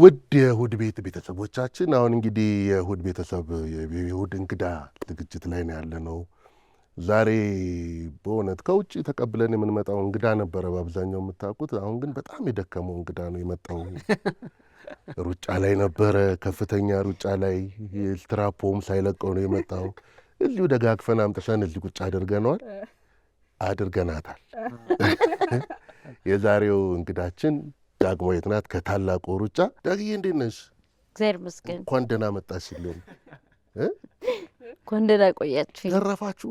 ውድ የእሑድ ቤት ቤተሰቦቻችን አሁን እንግዲህ የሁድ ቤተሰብ የእሑድ እንግዳ ዝግጅት ላይ ነው ያለነው። ዛሬ በእውነት ከውጭ ተቀብለን የምንመጣው እንግዳ ነበረ በአብዛኛው የምታውቁት። አሁን ግን በጣም የደከመው እንግዳ ነው የመጣው። ሩጫ ላይ ነበረ፣ ከፍተኛ ሩጫ ላይ ስትራፖም ሳይለቀው ነው የመጣው። እዚሁ ደጋግፈን አምጥሰን እዚህ ቁጭ አድርገነዋል አድርገናታል። የዛሬው እንግዳችን ዳግማዊት ናት ከታላቁ ሩጫ። ዳግዬ እንዴት ነሽ? እግዚአብሔር ይመስገን። እንኳን ደህና መጣሽልን። እንኳን ደህና ቆያችሁ። ተረፋችሁ?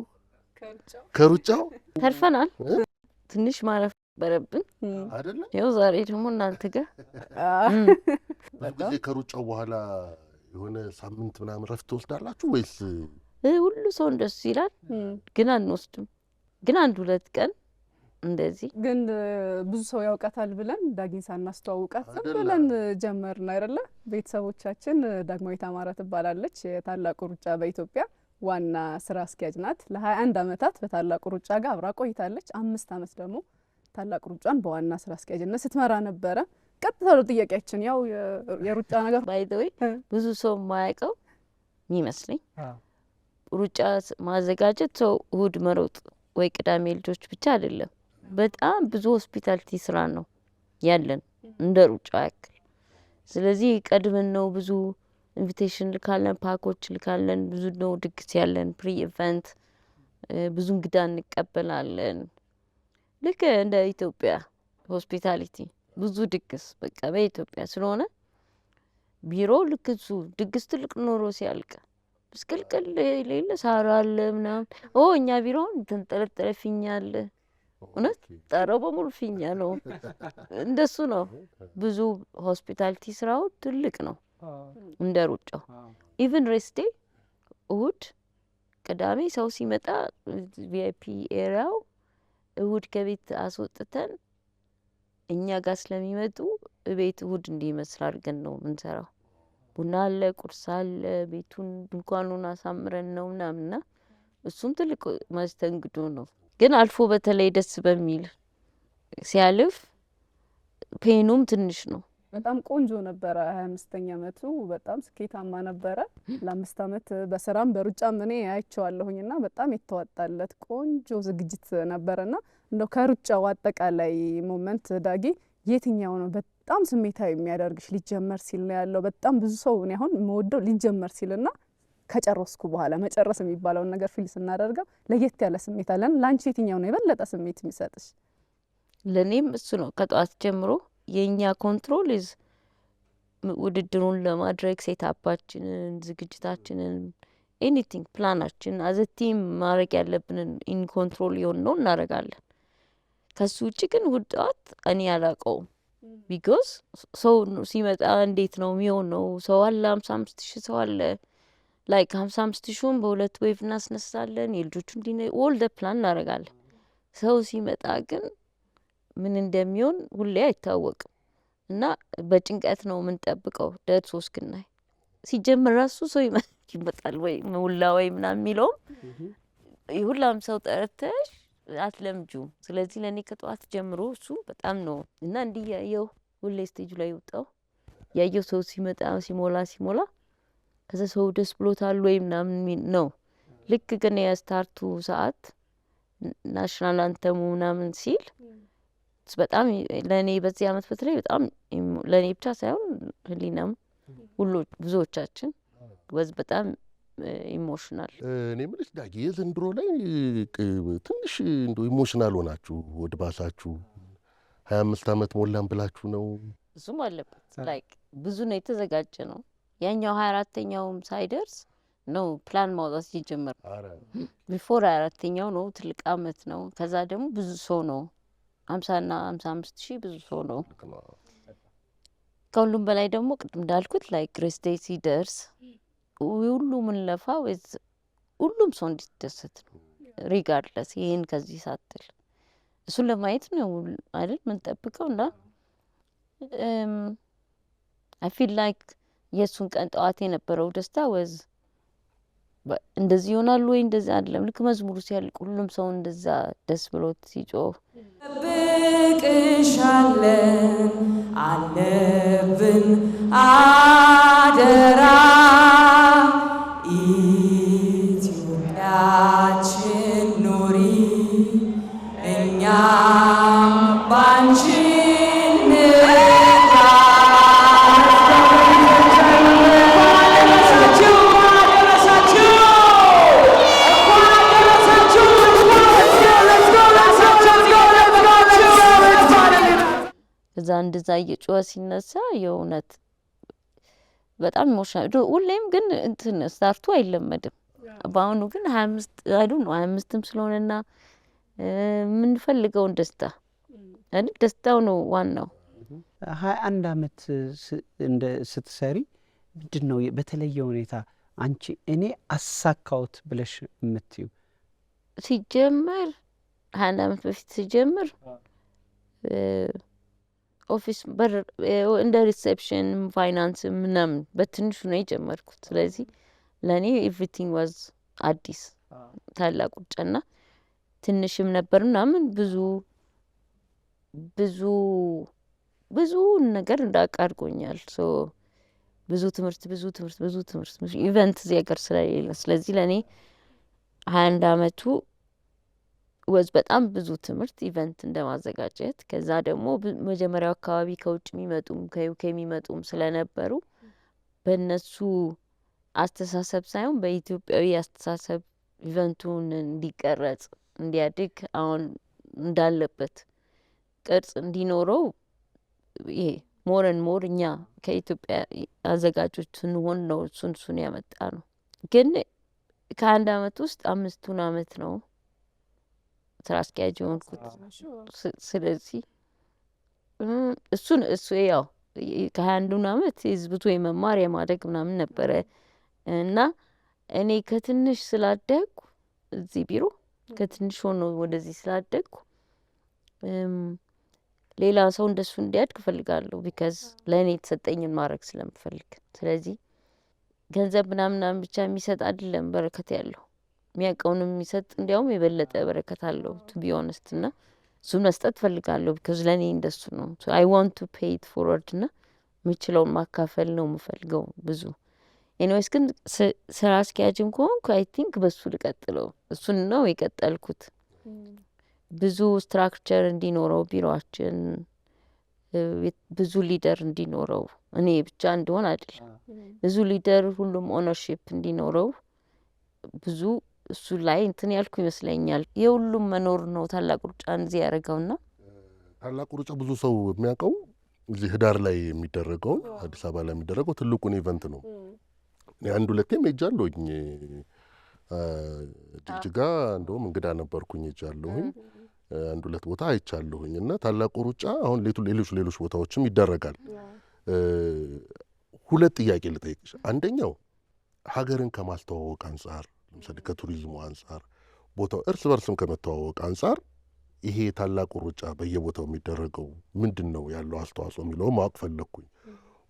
ከሩጫው ተርፈናል። ትንሽ ማረፍ ነበረብን አይደለ? ያው ዛሬ ደግሞ እናንተ ጋር ጊዜ ከሩጫው በኋላ የሆነ ሳምንት ምናምን ረፍት ትወስዳላችሁ ወይስ ሁሉ ሰው እንደሱ ይላል? ግን አንወስድም። ግን አንድ ሁለት ቀን እንደዚህ ግን ብዙ ሰው ያውቃታል ብለን ዳግኝ ሳናስተዋውቃት ዝም ብለን ጀመርን አይደለ? ቤተሰቦቻችን ዳግማዊት አማረ ትባላለች። የታላቁ ሩጫ በኢትዮጵያ ዋና ስራ አስኪያጅ ናት። ለ21 አመታት በታላቁ ሩጫ ጋር አብራ ቆይታለች። አምስት አመት ደግሞ ታላቁ ሩጫን በዋና ስራ አስኪያጅነት ስትመራ ነበረ። ቀጥታ ነው ጥያቄያችን። ያው የሩጫ ነገር ባይዘወይ ብዙ ሰው የማያውቀው ይመስለኝ ሩጫ ማዘጋጀት ሰው እሁድ መሮጥ ወይ ቅዳሜ ልጆች ብቻ አይደለም በጣም ብዙ ሆስፒታሊቲ ስራ ነው ያለን እንደ ሩጫ ያክል። ስለዚህ ቀድመን ነው ብዙ ኢንቪቴሽን ልካለን፣ ፓኮች ልካለን። ብዙ ነው ድግስ ያለን ፕሪ ኢቨንት፣ ብዙ እንግዳ እንቀበላለን። ልክ እንደ ኢትዮጵያ ሆስፒታሊቲ ብዙ ድግስ በቃ በኢትዮጵያ ስለሆነ ቢሮ ልክ እሱ ድግስ ትልቅ ኖሮ ሲያልቅ ምስቅልቅል የሌለ ሳራ አለ ምናምን። ኦ እኛ ቢሮውን ተንጠለጠለ ፊኛ አለ እውነት ጠረው በሙሉ ፊኛ ነው። እንደሱ ነው። ብዙ ሆስፒታሊቲ ስራው ትልቅ ነው እንደ ሩጫው። ኢቨን ሬስቴ እሁድ፣ ቅዳሜ ሰው ሲመጣ ቪአይፒ ኤሪያው እሁድ ከቤት አስወጥተን እኛ ጋር ስለሚመጡ ቤት እሁድ እንዲመስል አድርገን ነው የምንሰራው። ቡና አለ፣ ቁርስ አለ፣ ቤቱን ድንኳኑን አሳምረን ነው ምናምንና እሱም ትልቅ መስተንግዶ ነው። ግን አልፎ በተለይ ደስ በሚል ሲያልፍ ፔኑም ትንሽ ነው። በጣም ቆንጆ ነበረ። ሀያ አምስተኛ አመቱ በጣም ስኬታማ ነበረ። ለአምስት አመት በስራም በሩጫም እኔ አይቼዋለሁኝ እና በጣም የተዋጣለት ቆንጆ ዝግጅት ነበረና እንደው ከሩጫው አጠቃላይ ሞመንት ዳጊ የትኛው ነው በጣም ስሜታዊ የሚያደርግሽ? ሊጀመር ሲል ነው ያለው። በጣም ብዙ ሰው እኔ አሁን መወደው ሊጀመር ሲልና ከጨረስኩ በኋላ መጨረስ የሚባለውን ነገር ፊል ስናደርገው ለየት ያለ ስሜት አለን። ለአንቺ የትኛው ነው የበለጠ ስሜት የሚሰጥሽ? ለእኔም እሱ ነው። ከጠዋት ጀምሮ የእኛ ኮንትሮል ዝ ውድድሩን ለማድረግ ሴታፓችንን፣ ዝግጅታችንን፣ ኤኒቲንግ ፕላናችን አዘ ቲም ማድረግ ያለብንን ኢን ኮንትሮል የሆን ነው እናደርጋለን። ከሱ ውጭ ግን ውድዋት እኔ አላውቀውም። ቢኮዝ ሰው ሲመጣ እንዴት ነው የሚሆነው? ሰው አለ፣ አምሳ አምስት ሺህ ሰው አለ። ላይክ ሀምሳ አምስት ሺውን በሁለት ዌቭ እናስነሳለን። የልጆቹን ዲነ ኦል ደ ፕላን እናደርጋለን። ሰው ሲመጣ ግን ምን እንደሚሆን ሁሌ አይታወቅም እና በጭንቀት ነው የምንጠብቀው። ደድ ሶስት ግናይ ሲጀምር ራሱ ሰው ይመጣል ወይ ውላ ወይ ምናምን የሚለውም ሁላም ሰው ጠረተሽ አትለምጁ። ስለዚህ ለእኔ ከጠዋት ጀምሮ እሱ በጣም ነው እና እንዲህ ያየው ሁሌ ስቴጁ ላይ ይውጣው ያየው ሰው ሲመጣ ሲሞላ ሲሞላ ከዛ ሰው ደስ ብሎታል ወይ ምናምን ነው። ልክ ግን የስታርቱ ሰዓት ናሽናል አንተሙ ምናምን ሲል በጣም ለእኔ በዚህ አመት በተለይ በጣም ለእኔ ብቻ ሳይሆን ህሊናም ሁሉ ብዙዎቻችን ወዝ በጣም ኢሞሽናል። እኔ ምልሽ ዳጊ የዘንድሮ ላይ ትንሽ እንደ ኢሞሽናል ሆናችሁ ወድባሳችሁ ሀያ አምስት አመት ሞላን ብላችሁ ነው። እሱም አለበት ላይክ ብዙ ነው የተዘጋጀ ነው ያኛው ሀያ አራተኛውም ሳይደርስ ነው ፕላን ማውጣት ሲጀምር ቢፎር ሀያ አራተኛው ነው ትልቅ አመት ነው። ከዛ ደግሞ ብዙ ሰው ነው ሀምሳና ሀምሳ አምስት ሺህ ብዙ ሰው ነው። ከሁሉም በላይ ደግሞ ቅድም እንዳልኩት ላይክ ግሬስ ዴይ ሲደርስ ሁሉ ምንለፋ ሁሉም ሰው እንዲደሰት ነው። ሪጋርድለስ ይህን ከዚህ ሳትል እሱን ለማየት ነው አይደል ምንጠብቀው እና አይ ፊል ላይክ የእሱን ቀን ጠዋት የነበረው ደስታ ወዝ እንደዚህ ይሆናሉ ወይ እንደዚህ አይደለም። ልክ መዝሙሩ ሲያልቅ ሁሉም ሰው እንደዛ ደስ ብሎት ሲጮህ ብቅሻለን አለብን አደራ እንደዛ እየጮኸ ሲነሳ የእውነት በጣም ኢሞሽናል። ሁሌም ግን እንትን ስታርቱ አይለመድም። በአሁኑ ግን ሀያ አምስት አይዱ ነው ሀያ አምስትም ስለሆነና የምንፈልገውን ደስታ አይደል ደስታው ነው ዋናው። ሀያ አንድ አመት እንደ ስትሰሪ ምንድን ነው በተለየ ሁኔታ አንቺ እኔ አሳካውት ብለሽ የምትዩ? ሲጀመር ሀያ አንድ አመት በፊት ሲጀምር ኦፊስ በር እንደ ሪሴፕሽን ፋይናንስ ምናምን በትንሹ ነው የጀመርኩት። ስለዚህ ለእኔ ኤቭሪቲንግ ዋዝ አዲስ ታላቅ ውጫና ትንሽም ነበር ምናምን ብዙ ብዙ ብዙ ነገር እንዳቃርጎኛል። ሶ ብዙ ትምህርት ብዙ ትምህርት ብዙ ትምህርት ኢቨንት እዚህ ሀገር ስለሌለ ስለዚህ ለእኔ ሀያ አንድ አመቱ ወዝ በጣም ብዙ ትምህርት ኢቨንት እንደማዘጋጀት ከዛ ደግሞ መጀመሪያው አካባቢ ከውጭ የሚመጡም ከዩኬ የሚመጡም ስለነበሩ በእነሱ አስተሳሰብ ሳይሆን በኢትዮጵያዊ አስተሳሰብ ኢቨንቱን እንዲቀረጽ እንዲያድግ አሁን እንዳለበት ቅርጽ እንዲኖረው ይሄ ሞረን ሞር እኛ ከኢትዮጵያ አዘጋጆች ስንሆን ነው እሱን እሱን ያመጣ ነው። ግን ከአንድ አመት ውስጥ አምስቱን አመት ነው ስራ አስኪያጅ የሆንኩት። ስለዚህ እሱን እሱ ያው ከሀያ አንዱን አመት የዝብቶ የመማር የማደግ ምናምን ነበረ እና እኔ ከትንሽ ስላደግኩ እዚህ ቢሮ ከትንሽ ሆኖ ወደዚህ ስላደግኩ ሌላ ሰው እንደሱ እንዲያድግ እፈልጋለሁ። ቢካዝ ለእኔ የተሰጠኝን ማድረግ ስለምፈልግ። ስለዚህ ገንዘብ ምናምናም ብቻ የሚሰጥ አይደለም በረከት ያለው የሚያውቀውን የሚሰጥ እንዲያውም የበለጠ በረከት አለው። ቱ ቢ ኦነስት እና እሱን መስጠት ፈልጋለሁ። ቢካዝ ለእኔ እንደሱ ነው። አይ ዋንት ቱ ፔይ ኢት ፎርወርድ እና የምችለውን ማካፈል ነው የምፈልገው ብዙ ኤኒዌይስ ግን ስራ አስኪያጅም ከሆንኩ አይ ቲንክ በሱ ልቀጥለው። እሱን ነው የቀጠልኩት። ብዙ ስትራክቸር እንዲኖረው ቢሮችን ብዙ ሊደር እንዲኖረው እኔ ብቻ እንደሆን አይደለም፣ ብዙ ሊደር፣ ሁሉም ኦነርሺፕ እንዲኖረው ብዙ እሱ ላይ እንትን ያልኩ ይመስለኛል። የሁሉም መኖር ነው ታላቅ ሩጫ እዚህ ያደረገውና ታላቁ ሩጫ ብዙ ሰው የሚያውቀው እዚህ ህዳር ላይ የሚደረገውን አዲስ አበባ ላይ የሚደረገው ትልቁን ኢቨንት ነው። አንድ ሁለቴም ሄጃለሁኝ ጅግጅጋ እንደውም እንግዳ ነበርኩኝ ሄጃለሁኝ አንድ ሁለት ቦታ አይቻለሁኝ። እና ታላቁ ሩጫ አሁን ሌሎች ሌሎች ቦታዎችም ይደረጋል። ሁለት ጥያቄ ልጠይቅሽ። አንደኛው ሀገርን ከማስተዋወቅ አንጻር ለምሳሌ ከቱሪዝሙ አንጻር ቦታው እርስ በርስም ከመተዋወቅ አንጻር ይሄ ታላቁ ሩጫ በየቦታው የሚደረገው ምንድን ነው ያለው አስተዋጽኦ የሚለው ማወቅ ፈለግኩኝ።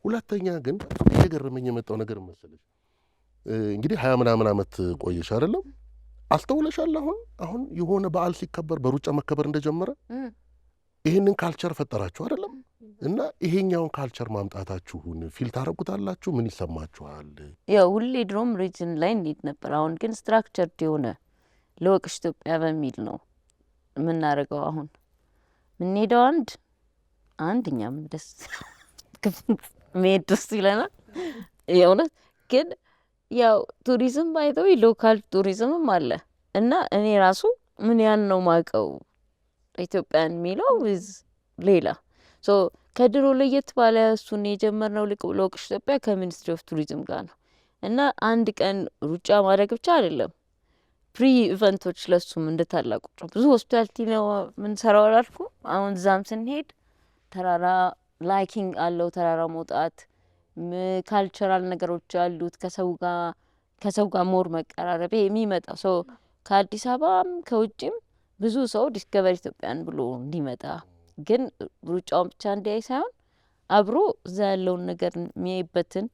ሁለተኛ ግን እየገረመኝ የመጣው ነገር መሰለሽ እንግዲህ ሀያ ምናምን ዓመት ቆየሽ አይደለም አስተውለሻል። አሁን አሁን የሆነ በዓል ሲከበር በሩጫ መከበር እንደጀመረ ይህንን ካልቸር ፈጠራችሁ አይደለም እና ይሄኛውን ካልቸር ማምጣታችሁን ፊል ታረጉታላችሁ? ምን ይሰማችኋል? ያው ሁሌ ድሮም ሪጅን ላይ እንሄድ ነበር። አሁን ግን ስትራክቸርድ የሆነ ለወቅሽ ኢትዮጵያ በሚል ነው የምናደርገው። አሁን የምንሄደው አንድ አንድ እኛም ደስ መሄድ ደስ ይለናል። የእውነት ግን ያው ቱሪዝም ባይተው ሎካል ቱሪዝምም አለ እና እኔ ራሱ ምን ያን ነው ማቀው ኢትዮጵያን የሚለው ሌላ ሶ ከድሮ ለየት ባለ እሱን የጀመርነው ልቅ ብሎ ኢትዮጵያ ከሚኒስትሪ ኦፍ ቱሪዝም ጋር ነው እና አንድ ቀን ሩጫ ማድረግ ብቻ አይደለም፣ ፕሪ ኢቨንቶች ለሱም እንደታላቁ ብዙ ሆስፒታልቲ ነው ምንሰራው አላልኩ። አሁን እዛም ስንሄድ ተራራ ላይኪንግ አለው ተራራ መውጣት ካልቸራል ነገሮች አሉት። ከሰው ጋር ከሰው ጋር ሞር መቀራረብ የሚመጣው ሰው ከአዲስ አበባም ከውጭም ብዙ ሰው ዲስከቨር ኢትዮጵያን ብሎ እንዲመጣ ግን ሩጫውን ብቻ እንዲያይ ሳይሆን አብሮ እዛ ያለውን ነገር የሚያይበትን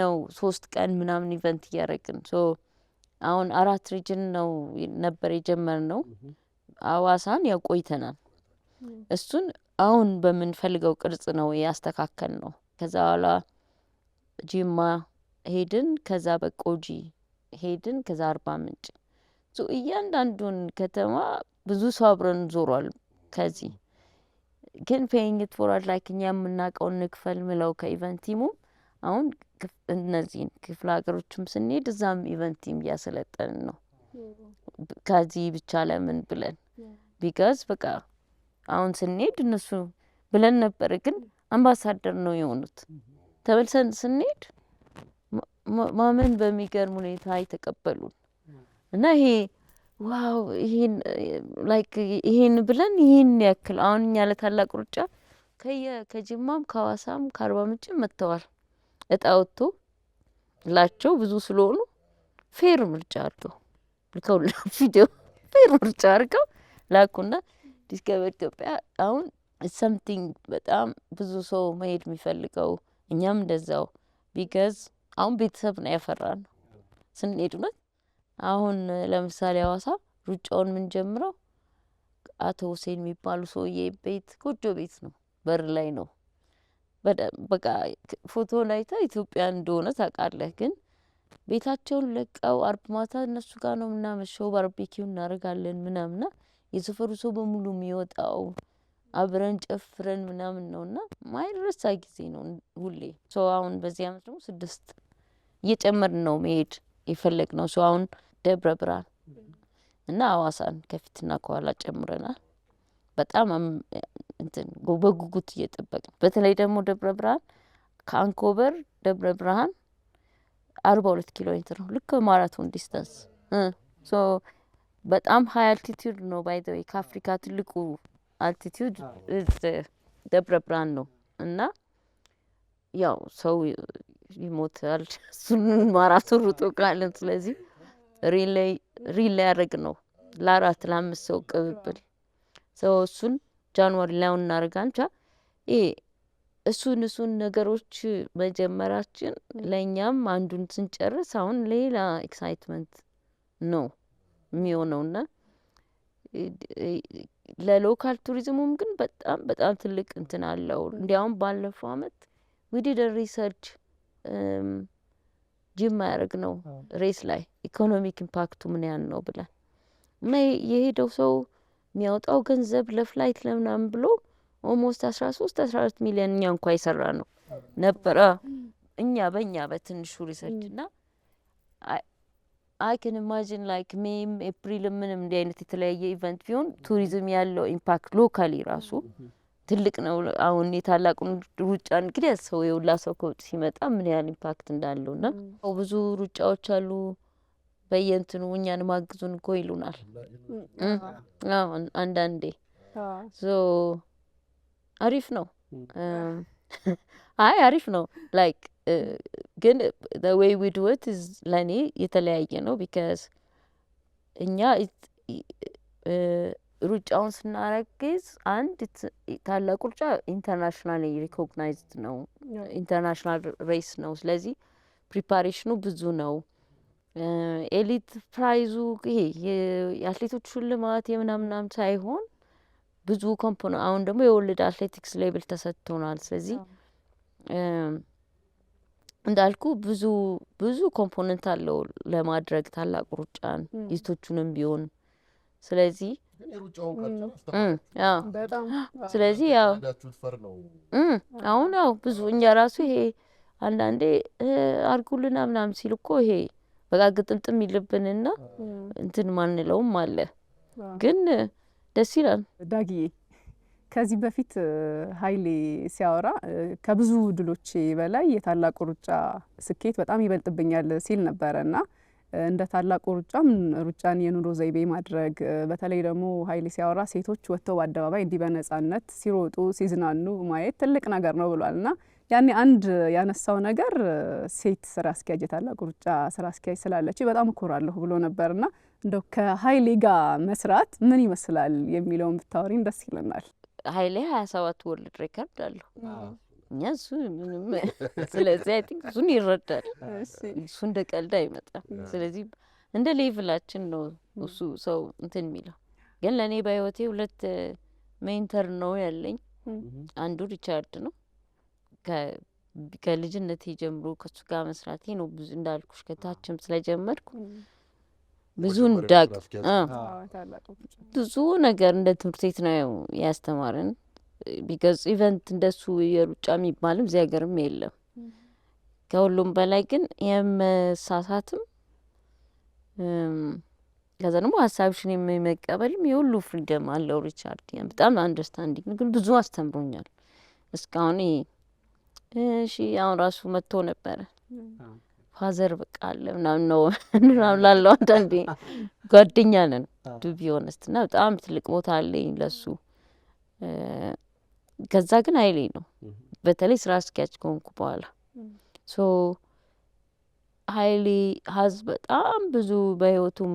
ነው። ሶስት ቀን ምናምን ኢቨንት እያደረግን አሁን አራት ሪጅን ነው ነበር የጀመር ነው። አዋሳን ያው ቆይተናል። እሱን አሁን በምንፈልገው ቅርጽ ነው ያስተካከል ነው። ከዛ በኋላ ጂማ ሄድን፣ ከዛ በቆጂ ሄድን፣ ከዛ አርባ ምንጭ እያንዳንዱን ከተማ ብዙ ሰው አብረን ዞሯል ከዚህ ግን ፔይንግ ኢት ፎርዋርድ ላይክ እኛ የምናውቀውን ንክፈል ምለው ከኢቨንት ቲሙ አሁን እነዚህን ክፍለ ሀገሮችም ስንሄድ እዛም ኢቨንት ቲም እያሰለጠንን ነው። ከዚህ ብቻ ለምን ብለን ቢካዝ በቃ አሁን ስንሄድ እነሱ ብለን ነበር፣ ግን አምባሳደር ነው የሆኑት። ተመልሰን ስንሄድ ማመን በሚገርም ሁኔታ የተቀበሉን እና ይሄ ዋው ይህን ላይክ ይህን ብለን ይህን ያክል አሁን እኛ ለታላቅ ሩጫ ከየ ከጅማም ከሀዋሳም ከአርባ ምንጭም መጥተዋል። እጣ ወጥቶ ላቸው ብዙ ስለሆኑ ፌር ምርጫ አድርገው ልከው ቪዲዮ ፌር ምርጫ አርገው ላኩና ዲስከቨር ኢትዮጵያ አሁን ሰምቲንግ በጣም ብዙ ሰው መሄድ የሚፈልገው እኛም እንደዛው ቢገዝ አሁን ቤተሰብ ነው ያፈራ ነው ስንሄድ አሁን ለምሳሌ ሀዋሳ ሩጫውን ጀምረው አቶ ሁሴን የሚባሉ ሰውዬ ቤት ጎጆ ቤት ነው፣ በር ላይ ነው። በቃ ፎቶ ላይታ ኢትዮጵያ እንደሆነ ታውቃለህ። ግን ቤታቸውን ለቀው አርብ ማታ እነሱ ጋር ነው የምናመሸው፣ ባርቤኪው እናደርጋለን ምናምና የሰፈሩ ሰው በሙሉ የሚወጣው አብረን ጨፍረን ምናምን ነው እና ማይረሳ ጊዜ ነው ሁሌ። ሰው አሁን በዚህ አመት ደግሞ ስድስት እየጨመርን ነው መሄድ የፈለግ ነው ሰው አሁን ደብረ ብርሃን እና አዋሳን ከፊትና ከኋላ ጨምረናል። በጣም እንትን በጉጉት እየጠበቅ በተለይ ደግሞ ደብረ ብርሃን ከአንኮበር ደብረ ብርሃን አርባ ሁለት ኪሎ ሜትር ነው። ልክ ማራቶን ዲስታንስ ሶ በጣም ሀይ አልቲቲዩድ ነው። ባይ ዘ ወይ ከአፍሪካ ትልቁ አልቲቲዩድ ደብረ ብርሃን ነው እና ያው ሰው ይሞታል እሱን ማራቶን ሩጦ ቃለን ስለዚህ ሪል ያደረግ ነው ለአራት ለአምስት ሰው ቅብብል ሰው እሱን ጃንዋሪ ላይ እናደርጋል። ብቻ ይሄ እሱን እሱን ነገሮች መጀመራችን ለእኛም አንዱን ስንጨርስ አሁን ሌላ ኤክሳይትመንት ነው የሚሆነውና ለሎካል ቱሪዝሙም ግን በጣም በጣም ትልቅ እንትን አለው። እንዲያውም ባለፈው አመት ዊዲደን ሪሰርች ጅማ ያደረግ ነው ሬስ ላይ ኢኮኖሚክ ኢምፓክቱ ምን ያን ነው ብለን እና የሄደው ሰው የሚያወጣው ገንዘብ ለፍላይት ለምናምን ብሎ ኦልሞስት አስራ ሶስት አስራ አራት ሚሊዮን እኛ እንኳ የሰራ ነው ነበረ እኛ በእኛ በትንሹ ሪሰርች እና አይ ከን ኢማጂን ላይክ ሜም ኤፕሪል ምንም እንዲህ አይነት የተለያየ ኢቨንት ቢሆን ቱሪዝም ያለው ኢምፓክት ሎካሊ ራሱ ትልቅ ነው። አሁን የታላቁን ሩጫ እንግዲህ ሰው የሁላ ሰው ከውጭ ሲመጣ ምን ያህል ኢምፓክት እንዳለው እና ብዙ ሩጫዎች አሉ። በየንትኑ እኛን ማግዙን እኮ ይሉናል። አሁን አንዳንዴ ሶ አሪፍ ነው። አይ አሪፍ ነው ላይክ ግን ወይ ዊድወት ለእኔ የተለያየ ነው። ቢካዝ እኛ ሩጫውን ስናረግዝ አንድ ታላቁ ሩጫ ኢንተርናሽናል ሪኮግናይዝድ ነው፣ ኢንተርናሽናል ሬስ ነው። ስለዚህ ፕሪፓሬሽኑ ብዙ ነው። ኤሊት ፕራይዙ ይሄ የአትሌቶች ሽልማት የምናምናም ሳይሆን ብዙ ኮምፖነ አሁን ደግሞ የወልድ አትሌቲክስ ሌብል ተሰጥቶናል። ስለዚህ እንዳልኩ ብዙ ብዙ ኮምፖነንት አለው ለማድረግ ታላቅ ሩጫን ይቶቹንም ቢሆን ስለዚህ ስለዚህ ያው አሁን ያው ብዙ እኛ ራሱ ይሄ አንዳንዴ አርጉልና ምናምን ሲል እኮ ይሄ በቃ ግጥምጥም ይልብንና እንትን ማንለውም አለ። ግን ደስ ይላል። ዳግዬ ከዚህ በፊት ሀይሌ ሲያወራ ከብዙ ድሎቼ በላይ የታላቁ ሩጫ ስኬት በጣም ይበልጥብኛል ሲል ነበረ እና እንደ ታላቁ ሩጫም ሩጫን የኑሮ ዘይቤ ማድረግ በተለይ ደግሞ ሀይሌ ሲያወራ ሴቶች ወጥተው በአደባባይ እንዲህ በነጻነት ሲሮጡ ሲዝናኑ ማየት ትልቅ ነገር ነው ብሏል እና ያኔ አንድ ያነሳው ነገር ሴት ስራ አስኪያጅ የታላቅ ሩጫ ስራ አስኪያጅ ስላለች በጣም እኮራለሁ ብሎ ነበርና እንደው ከሀይሌ ጋር መስራት ምን ይመስላል የሚለውን ብታወሪን ደስ ይለናል። ሀይሌ ሀያ ሰባት ወርልድ ሬከርድ አለሁ እኛ እሱ ምንም ስለዚህ አይ ቲንክ እሱን ይረዳል። እሱ እንደ ቀልድ አይመጣም። ስለዚህ እንደ ሌቭላችን ነው እሱ ሰው እንትን የሚለው ግን ለእኔ በህይወቴ ሁለት ሜንተር ነው ያለኝ። አንዱ ሪቻርድ ነው ከልጅነቴ ጀምሮ ከሱ ጋር መስራቴ ነው። ብዙ እንዳልኩሽ ከታችም ስለጀመርኩ ብዙ እንዳቅ ብዙ ነገር እንደ ትምህርት ቤት ነው ያስተማረን። ቢገጹ ኢቨንት እንደሱ የሩጫ የሚባልም እዚህ ሀገርም የለም። ከሁሉም በላይ ግን የመሳሳትም ከዛ ደግሞ ሀሳብሽን የመቀበልም የሁሉ ፍሪደም አለው ሪቻርድ። በጣም አንደርስታንዲንግ ግን ብዙ አስተምሮኛል እስካሁን እሺ አሁን ራሱ መጥቶ ነበረ ፋዘር በቃ አለ ምናምን ነው ምናምን ላለው አንዳንዴ ጓደኛ ነን ዱቢ ሆነስት እና በጣም ትልቅ ቦታ አለኝ ለሱ። ከዛ ግን ሀይሌ ነው በተለይ ስራ አስኪያጅ ከሆንኩ በኋላ ሶ ሀይሌ ሀዝ በጣም ብዙ በህይወቱም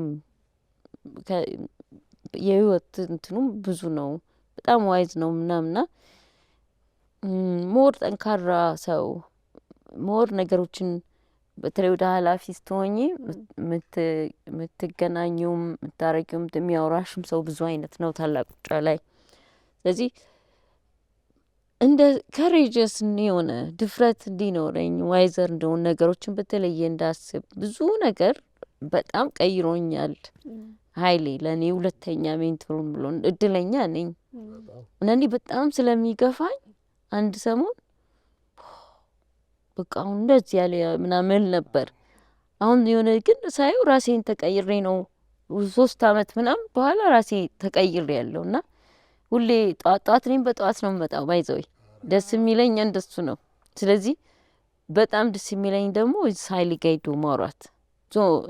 የህይወት እንትኑም ብዙ ነው። በጣም ዋይዝ ነው ምናምና ሞር ጠንካራ ሰው ሞር ነገሮችን በተለይ ወደ ኃላፊ ስትሆኝ የምትገናኙም የምታረጊውም የሚያወራሽም ሰው ብዙ አይነት ነው ታላቅ ውጫ ላይ። ስለዚህ እንደ ከሬጀስ የሆነ ድፍረት እንዲኖረኝ ዋይዘር እንደሆን ነገሮችን በተለየ እንዳስብ ብዙ ነገር በጣም ቀይሮኛል። ሀይሌ ለእኔ ሁለተኛ ሜንቶሩን ብሎ እድለኛ ነኝ። እኔ በጣም ስለሚገፋኝ አንድ ሰሞን በቃ አሁን እንደዚህ ያለ ምናምን ነበር። አሁን የሆነ ግን ሳየው ራሴን ተቀይሬ ነው። ሶስት አመት ምናምን በኋላ ራሴ ተቀይሬ ያለው እና ሁሌ ጠዋት ጠዋት እኔም በጠዋት ነው የምመጣው። ባይዘወይ ደስ የሚለኝ እንደሱ ነው። ስለዚህ በጣም ደስ የሚለኝ ደግሞ ሳይሊ ጋይዶ ማውራት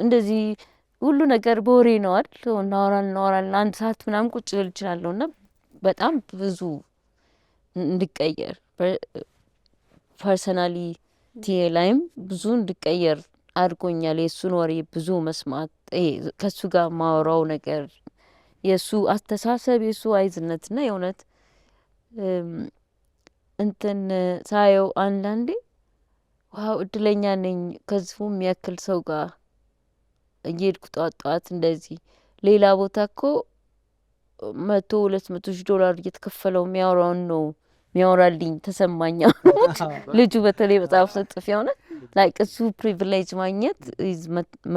እንደዚህ ሁሉ ነገር በወሬ ነው አይደል? እናወራል እናወራል አንድ ሰዓት ምናምን ቁጭ ልል እችላለሁ እና በጣም ብዙ እንድቀየር ፐርሰናሊቲ ላይም ብዙ እንድቀየር አድርጎኛል። የእሱን ወሬ ብዙ መስማት፣ ከሱ ጋር ማወራው ነገር፣ የእሱ አስተሳሰብ፣ የእሱ ና የእውነት እንትን ሳየው አንዳንዴ ዋው እድለኛ ነኝ ከዚሁ የሚያክል ሰው ጋር እየሄድኩ ጠዋት ጠዋት እንደዚህ ሌላ ቦታ እኮ መቶ ሁለት መቶ ሺ ዶላር እየተከፈለው የሚያወራውን ነው ሚያወራልኝ ተሰማኝ። አሁኑት ልጁ በተለይ በጣም ሰጥፍ የሆነ ላይክ እሱ ፕሪቪሌጅ ማግኘት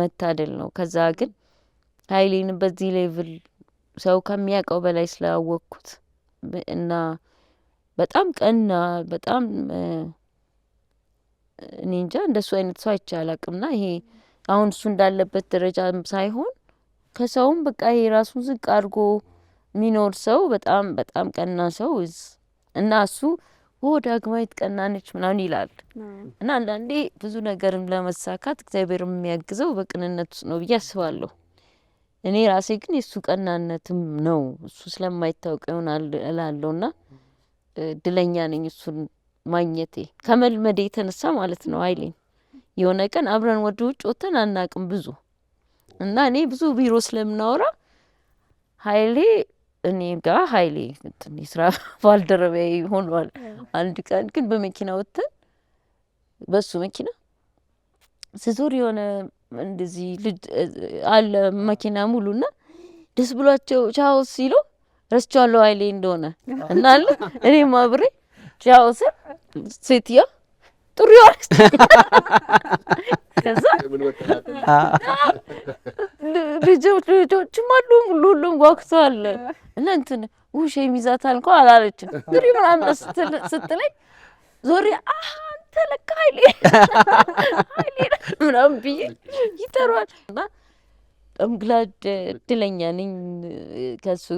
መታደል ነው። ከዛ ግን ሀይሌን በዚህ ሌቭል ሰው ከሚያውቀው በላይ ስላወቅኩት እና በጣም ቀና በጣም እኔ እንጃ እንደሱ አይነት ሰው አይቼ አላቅምና ይሄ አሁን እሱ እንዳለበት ደረጃ ሳይሆን ከሰውም በቃ ይሄ ራሱን ዝቅ አድርጎ የሚኖር ሰው በጣም በጣም ቀና ሰው እና እሱ ወ ዳግማዊት ቀናነች ምናምን ይላል እና አንዳንዴ ብዙ ነገርም ለመሳካት እግዚአብሔር የሚያግዘው በቅንነት ውስጥ ነው ብዬ አስባለሁ። እኔ ራሴ ግን የእሱ ቀናነትም ነው እሱ ስለማይታወቅ ይሆናል እላለሁ እና እድለኛ ነኝ እሱን ማግኘቴ ከመልመዴ የተነሳ ማለት ነው። ሀይሌን የሆነ ቀን አብረን ወደ ውጭ ወተን አናውቅም ብዙ እና እኔ ብዙ ቢሮ ስለምናወራ ሀይሌ እኔ ጋ ሀይሌ የስራ ባልደረባዬ ሆኗል። አንድ ቀን ግን በመኪና ወጥተን በሱ መኪና ስዞር የሆነ እንደዚህ ልጅ አለ መኪና ሙሉ ሙሉና ደስ ብሏቸው ቻው ሲለው ረስቸዋለሁ ሀይሌ እንደሆነ እናለ እኔ ማብሬ ቻው ስል ሴትያ ጥሩ ይዋል ከዛ ልጆች ልጆችም አሉ ሁሉም ጓጉተዋል። እና እንትን ውሽ የሚዛታል እንኳ አላለችም። ዙሪ ምናምን ስትለኝ ዞሪ አንተ ለካ ኃይሌ ኃይሌ ምናምን ብዬ ይጠሯል። እና እምግላድ እድለኛ ነኝ ከሱ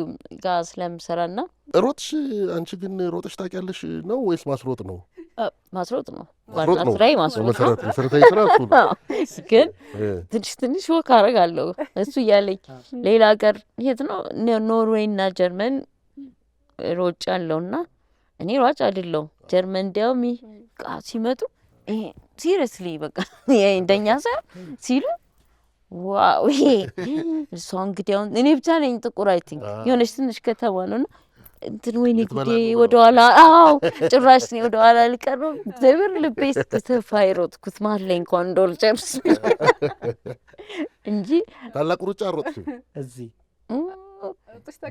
ጋር ስለምሰራ ና ሮጥሽ አንቺ ግን ሮጥሽ ታውቂያለሽ ነው ወይስ ማስሮጥ ነው? ማስሮጥ ነው ዋና ማስሮጥ መሰረታዊ ስራ ግን ትንሽ ትንሽ ወክ አደርጋለሁ እሱ እያለኝ ሌላ ሀገር የት ነው ኖርዌይ እና ጀርመን ሮጭ አለው እና እኔ ሯጭ አይደለሁም። ጀርመን እንዲያውም ሲመጡ ሲሪየስሊ በቃ እንደኛ ሰ ሲሉ ዋው እሷ እንግዲያውን እኔ ብቻ ነኝ ጥቁር አይ ቲንክ የሆነች ትንሽ ከተማ ነው እና እንትን ወይኔ ጉዴ ወደኋላ አዎ ጭራሽ እኔ ወደኋላ ልቀር እግዚአብሔር ልቤ እስኪሰፋ የሮጥኩት መሀል እንኳን እንደወር ጨርስ እንጂ ታላቅ ሩጫ ሮጥ እዚህ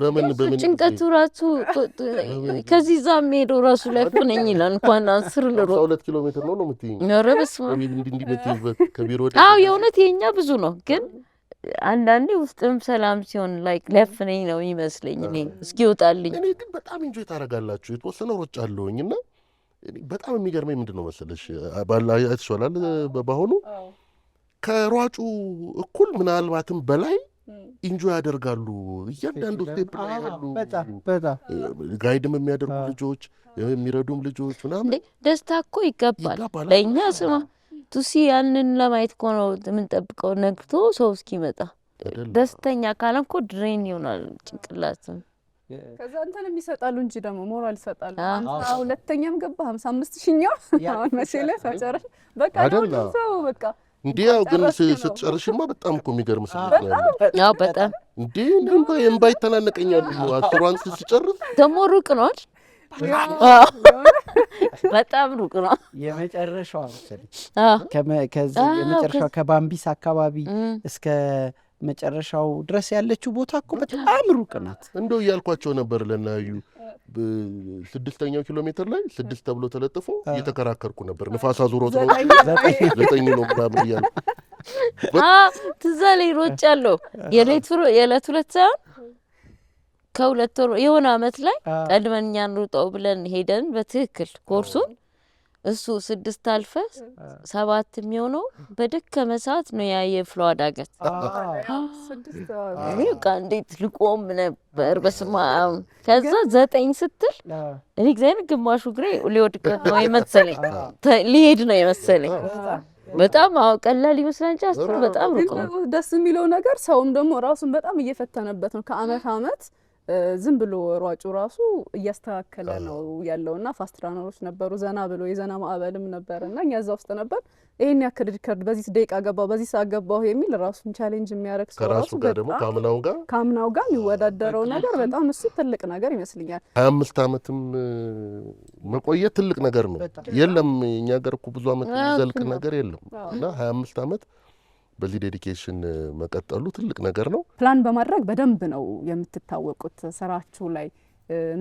በምን በምን ጭንቀቱ ራሱ ከዚህ እዛ የምሄደው ራሱ ላይ ሆነኝ ይላል። እንኳን አስር ልሮ ሁለት ኪሎ ሜትር ነው ነው የምትይኝ? ኧረ በስመ አብ ከቢሮ አዎ የእውነት የኛ ብዙ ነው ግን አንዳንዴ ውስጥም ሰላም ሲሆን ላይክ ለፍነኝ ነው ይመስለኝ እኔ እስኪወጣልኝ። እኔ ግን በጣም እንጆ ታደርጋላችሁ። የተወሰነ ሮጭ አለውኝ እና በጣም የሚገርመኝ ምንድን ነው መሰለሽ አይተሽዋል በአሁኑ ከሯጩ እኩል ምናልባትም በላይ ኢንጆይ ያደርጋሉ። እያንዳንዱ ስቴፕ ላይ ያሉ ጋይድም የሚያደርጉ ልጆች የሚረዱም ልጆች ምናምን ደስታ እኮ ይገባል ለእኛ ስማ ቱሲ ያንን ለማየት እኮ ነው የምንጠብቀው። ነግቶ ሰው እስኪመጣ ደስተኛ ካለም እኮ ድሬን ይሆናል ጭንቅላትም። ከዛ እንትን ይሰጣሉ እንጂ ደግሞ ሞራል ይሰጣሉ። ሀምሳ ሁለተኛም ገባ ሀምሳ አምስት ሽኛው አሁን መሴለ ሰጨረሽ በቃ ሰው በቃ እንዲህ ያው ግን ስትጨርሽማ በጣም እኮ የሚገርም ስሜት ነው ያለው። ያው በጣም እንዴ እንባ ይተናነቀኛል። አስሯን ስጨርስ ደግሞ ሩቅ ነው በጣም ሩቅ ነው። የመጨረሻዋ የመጨረሻ ከባምቢስ አካባቢ እስከ መጨረሻው ድረስ ያለችው ቦታ እኮ በጣም ሩቅ ናት። እንደው እያልኳቸው ነበር ለናዩ ስድስተኛው ኪሎ ሜትር ላይ ስድስት ተብሎ ተለጥፎ እየተከራከርኩ ነበር። ንፋሳ ዙሮ ዘጠኝ ነው ምናምን እያልኩ ትዝ አለኝ። ሮጭ ያለው የዕለት ሁለት ሳይሆን ከሁለት ወር የሆነ አመት ላይ ቀድመን እኛን ሩጠው ብለን ሄደን በትክክል ኮርሱን እሱ ስድስት አልፈ ሰባት የሚሆነው በደከመ ሰዓት ነው ያየ ፍለዋ ዳገት እንዴት ልቆም ነበር በስማ ከዛ ዘጠኝ ስትል እኔ እግዚአብሔር ግማሹ ግሬ ሊወድቅ ነው የመሰለኝ ሊሄድ ነው የመሰለኝ በጣም ቀላል ይመስላል እንጂ አስሩ በጣም ሩቅ ነው። ደስ የሚለው ነገር ሰውም ደግሞ ራሱን በጣም እየፈተነበት ነው ከአመት አመት ዝም ብሎ ሯጩ ራሱ እያስተካከለ ነው ያለውና ፋስት ራነሮች ነበሩ፣ ዘና ብሎ የዘና ማዕበልም ነበር እና እኛ እዛ ውስጥ ነበር። ይህን ያክል ሪከርድ በዚህ ደቂቃ ገባሁ፣ በዚህ ሰዓት ገባሁ የሚል ራሱን ቻሌንጅ የሚያደርግ ሰው ራሱ ጋር ደግሞ ከአምናው ጋር ከአምናው ጋር የሚወዳደረው ነገር በጣም እሱ ትልቅ ነገር ይመስልኛል። ሀያ አምስት አመትም መቆየት ትልቅ ነገር ነው። የለም እኛ ጋር እኮ ብዙ ዓመት የሚዘልቅ ነገር የለም እና ሀያ አምስት አመት በዚህ ዴዲኬሽን መቀጠሉ ትልቅ ነገር ነው። ፕላን በማድረግ በደንብ ነው የምትታወቁት ስራችሁ ላይ።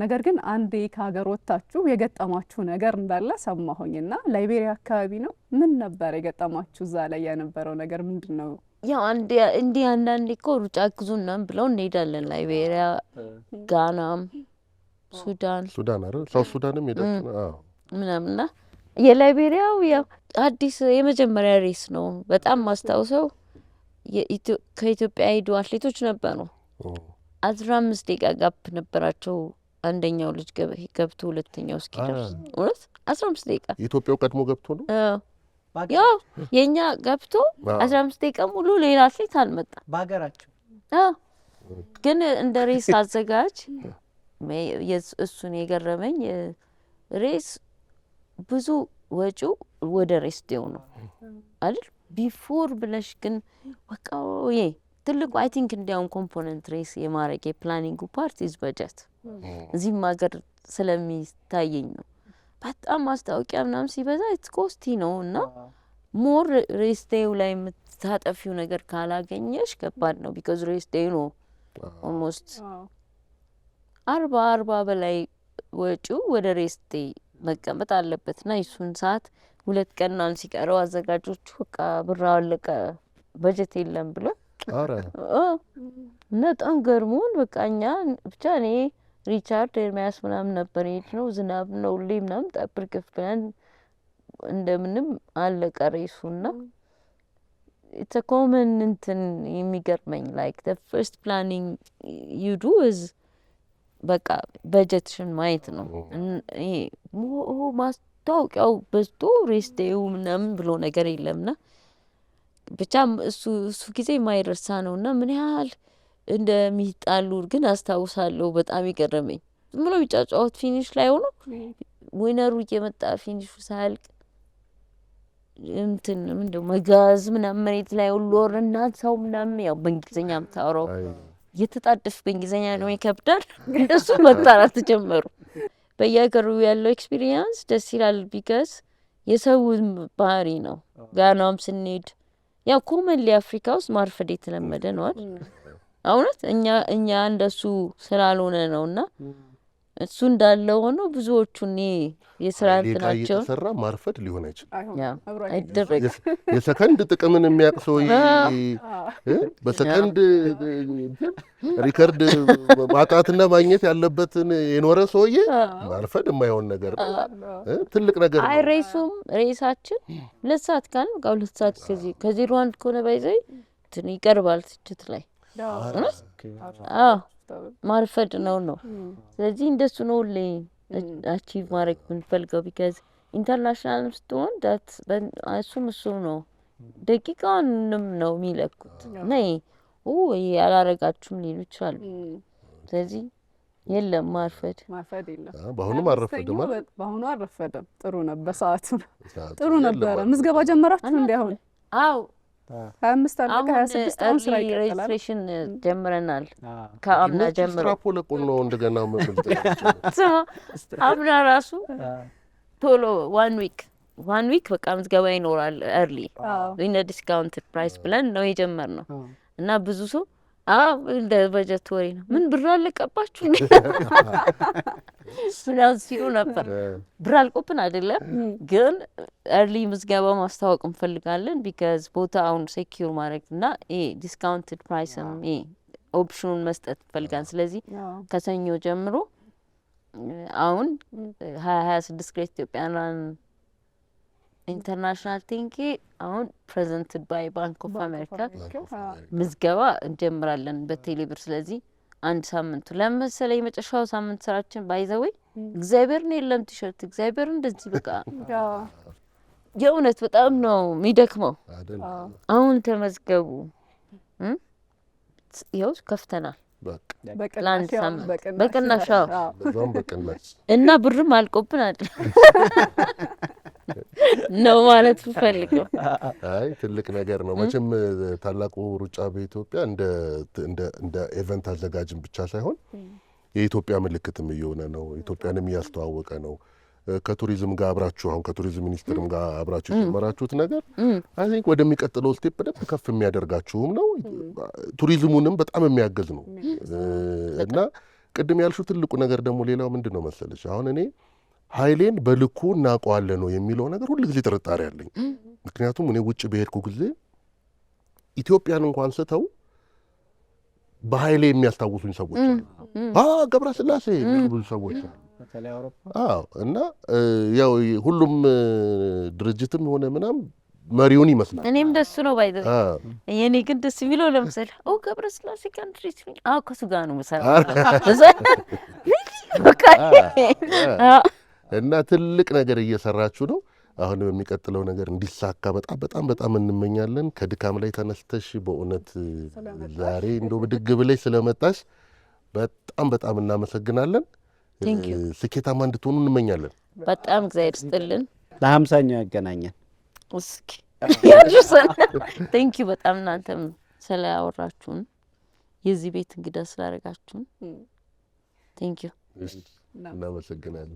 ነገር ግን አንዴ ከሀገር ወጥታችሁ የገጠማችሁ ነገር እንዳለ ሰማሁኝና ላይቤሪያ አካባቢ ነው። ምን ነበር የገጠማችሁ? እዛ ላይ የነበረው ነገር ምንድን ነው? ያው እንዲህ አንዳንዴ እኮ ሩጫ ግዙናም ብለው እንሄዳለን። ላይቤሪያ፣ ጋናም፣ ሱዳን ሱዳን አ ሳውት ሱዳንም ሄዳችሁ ምናምንና የላይቤሪያው ያው አዲስ የመጀመሪያ ሬስ ነው። በጣም ማስታውሰው ከኢትዮጵያ ሄዱ አትሌቶች ነበሩ። አስራ አምስት ደቂቃ ጋፕ ነበራቸው። አንደኛው ልጅ ገብቶ ሁለተኛው እስኪደርስ እውነት አስራ አምስት ደቂቃ ኢትዮጵያው ቀድሞ ገብቶ ነው ያው የእኛ ገብቶ አስራ አምስት ደቂቃ ሙሉ ሌላ አትሌት አልመጣም። በሀገራቸው ግን እንደ ሬስ አዘጋጅ እሱን የገረመኝ ሬስ ብዙ ወጪው ወደ ሬስቴው ነው አይደል? ቢፎር ብለሽ ግን በቃ ይ ትልቁ አይ ቲንክ እንዲያውም ኮምፖነንት ሬስ የማድረግ የፕላኒንጉ ፓርት ኢዝ በጀት እዚህም ሀገር ስለሚታየኝ ነው። በጣም ማስታወቂያ ምናምን ሲበዛ ኢትስ ኮስቲ ነው እና ሞር ሬስቴው ላይ የምታጠፊው ነገር ካላገኘሽ ከባድ ነው። ቢካዝ ሬስቴው ነው ኦልሞስት አርባ አርባ በላይ ወጪው ወደ ሬስቴ መቀመጥ አለበት እና የሱን ሰዓት ሁለት ቀን ምናምን ሲቀረው አዘጋጆቹ በቃ ብር አለቀ፣ በጀት የለም ብሎ እና በጣም ገርሞን በቃ እኛ ብቻ እኔ ሪቻርድ ኤርሚያስ ምናምን ነበር ሄድ ነው። ዝናብ ነው ሌ ምናምን ጠብር ግፍ ብለን እንደምንም አለቀ ሬሱ ና ኢትስ ኮመን እንትን የሚገርመኝ ላይክ ዘ ፈርስት ፕላኒንግ ዩ ዱ በቃ በጀትሽን ማየት ነው። ማስታወቂያው በዝቶ ሬስቴው ምናምን ብሎ ነገር የለምና ብቻ እሱ እሱ ጊዜ የማይረሳ ነው እና ምን ያህል እንደሚጣሉ ግን አስታውሳለሁ። በጣም ይገረመኝ ዝም ብሎ የሚጫጫወት ፊኒሽ ላይ ሆኖ ዊነሩ እየመጣ ፊኒሹ ሳያልቅ እንትን ምንድን መጋዝ ምናምን መሬት ላይ ሁሉ ወር እናት ሰው ምናምን ያው በእንግሊዝኛ የምታወራው የተጣደፍ በእንግሊዝኛ ነው ይከብዳል። እንደሱ መጣራት ጀመሩ። በየሀገሩ ያለው ኤክስፒሪየንስ ደስ ይላል። ቢከስ የሰው ባህሪ ነው። ጋናም ስንሄድ ያው ኮመንሊ አፍሪካ ውስጥ ማርፈድ የተለመደ ነዋል። እውነት እኛ እኛ እንደሱ ስላልሆነ ነው እና እሱ እንዳለ ሆኖ ብዙዎቹ እኔ የስራ እንትናቸው የተሰራ ማርፈድ ሊሆን አይችልም፣ የሰከንድ ጥቅምን የሚያውቅ ሰው በሰከንድ ሪከርድ ማጣትና ማግኘት ያለበትን የኖረ ሰውዬ ማርፈድ የማይሆን ነገር ትልቅ ነገር። አይ ሬሱም ሬሳችን ሁለት ሰዓት ካለ በቃ ሁለት ሰዓት ከዚህ ከዜሮ አንድ ከሆነ ባይዘይ ይቀርባል ትችት ላይ ማርፈድ ነው ነው። ስለዚህ እንደሱ ነው ሁሌ አቺቭ ማድረግ የምንፈልገው ቢካዝ ኢንተርናሽናል ስትሆን እሱም እሱ ነው። ደቂቃውንም ነው የሚለኩት ነይ ይሄ ያላረጋችሁም ሊሉ ይችላሉ። ስለዚህ የለም ማርፈድ ማርፈድ የለም። በአሁኑም አልረፈደም በአሁኑ አልረፈደም። ጥሩ ነበር፣ በሰዓቱ ጥሩ ነበረ። ምዝገባ ጀመራችሁ እንዲያሁን? አዎ አምስት አለቀ ሀያ ስድስት አሁን ስራ ይቀጥላል። ሬጅስትሬሽን ጀምረናል ከአምና ጀምሮ ስትራፖለቁ ነው እንደገና ስማ አምና ራሱ ቶሎ ዋን ዊክ ዋን ዊክ በቃ ምዝገባ ይኖራል። ኤርሊ ዲስካውንት ፕራይስ ብለን ነው የጀመርነው እና ብዙ ሰው አዎ እንደ በጀት ወሬ ነው። ምን ብር አለቀባችሁ ምናምን ሲሉ ነበር። ብር አልቆብን አይደለም ግን እርሊ ምዝገባ ማስታወቅ እንፈልጋለን። ቢካዝ ቦታ አሁን ሴኪር ማድረግ እና ዲስካውንትድ ፕራይስም ኦፕሽኑን መስጠት እንፈልጋለን። ስለዚህ ከሰኞ ጀምሮ አሁን ሀያ ሀያ ስድስት ግሬት ኢትዮጵያውያን ኢንተርናሽናል ቲንኪ አሁን ፕሬዘንትድ ባይ ባንክ ኦፍ አሜሪካ ምዝገባ እንጀምራለን በቴሌብር። ስለዚህ አንድ ሳምንቱ ለምን መሰለህ የመጨረሻው ሳምንት ስራችን ባይዘወይ እግዚአብሔርን የለም ቲሸርት እግዚአብሔር እንደዚህ በቃ የእውነት በጣም ነው የሚደክመው። አሁን ተመዝገቡ ይኸው ከፍተናል ለአንድ ሳምንት በቅናሽ እና ብርም አልቆብን አለ ነው ማለት ፈልገው። አይ ትልቅ ነገር ነው መቼም ታላቁ ሩጫ በኢትዮጵያ እንደ ኤቨንት አዘጋጅም ብቻ ሳይሆን የኢትዮጵያ ምልክትም እየሆነ ነው። ኢትዮጵያንም እያስተዋወቀ ነው። ከቱሪዝም ጋር አብራችሁ አሁን ከቱሪዝም ሚኒስትርም ጋር አብራችሁ የጀመራችሁት ነገር አይ ቲንክ ወደሚቀጥለው ስቴፕ በደንብ ከፍ የሚያደርጋችሁም ነው። ቱሪዝሙንም በጣም የሚያገዝ ነው እና ቅድም ያልሹ ትልቁ ነገር ደግሞ ሌላው ምንድን ነው መሰለች አሁን እኔ ኃይሌን በልኩ እናውቀዋለን ነው የሚለው ነገር ጊዜ ጥርጣሬ አለኝ። ምክንያቱም እኔ ውጭ በሄድኩ ጊዜ ኢትዮጵያን እንኳን ስተው በኃይሌ የሚያስታውሱኝ ሰዎች አሉ፣ ገብረስላሴ የሚሉኝ ሰዎች አሉ። እና ያው ሁሉም ድርጅትም ሆነ ምናም መሪውን ይመስላል። እኔም ደሱ ነው ባይ የእኔ ግን ደስ የሚለው ለምሳሌ ገብረ ስላሴ ካንትሪ ድሬት ከሱ ጋር ነው ምሳ እና ትልቅ ነገር እየሰራችሁ ነው። አሁን የሚቀጥለው ነገር እንዲሳካ በጣም በጣም በጣም እንመኛለን። ከድካም ላይ ተነስተሽ በእውነት ዛሬ እንደ ብድግ ብለሽ ስለመጣሽ በጣም በጣም እናመሰግናለን። ስኬታማ እንድትሆኑ እንመኛለን። በጣም እግዚአብሔር ስጥልን። ለሀምሳኛው ያገናኘን እስኪ ያድርሰን። በጣም እናንተም ስላወራችሁን የዚህ ቤት እንግዳ ስላደረጋችሁን ቴንኪዩ እናመሰግናለን።